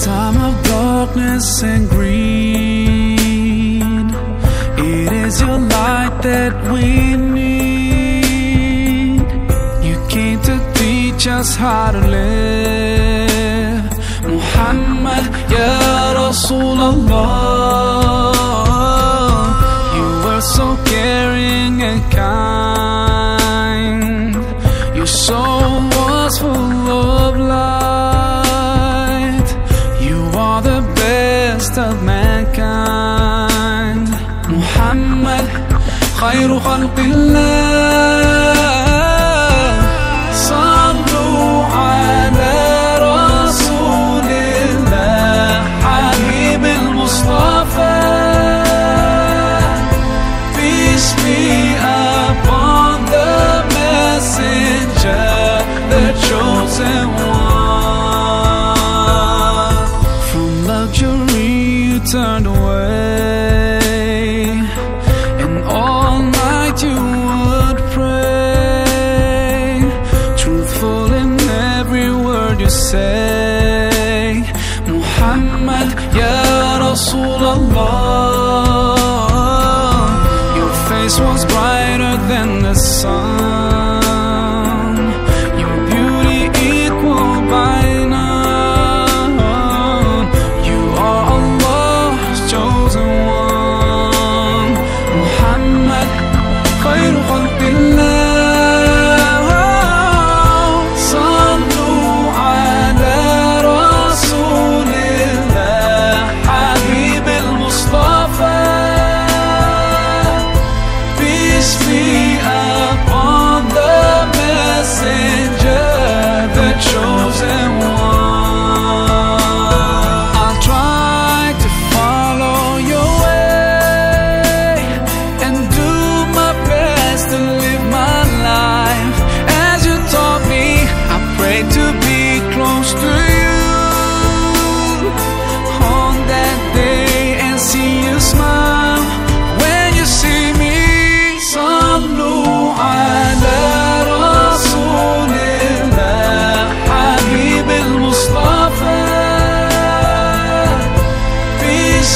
time of darkness and greed. It is your light that we need. You came to teach us how to live. Muhammad, Ya Rasulullah. خير خلق الله صلوا على رسول الله حبيب المصطفى Peace be upon the messenger, the chosen one Muhammad, ya رسول الله Your face was brighter than the sun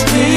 Stay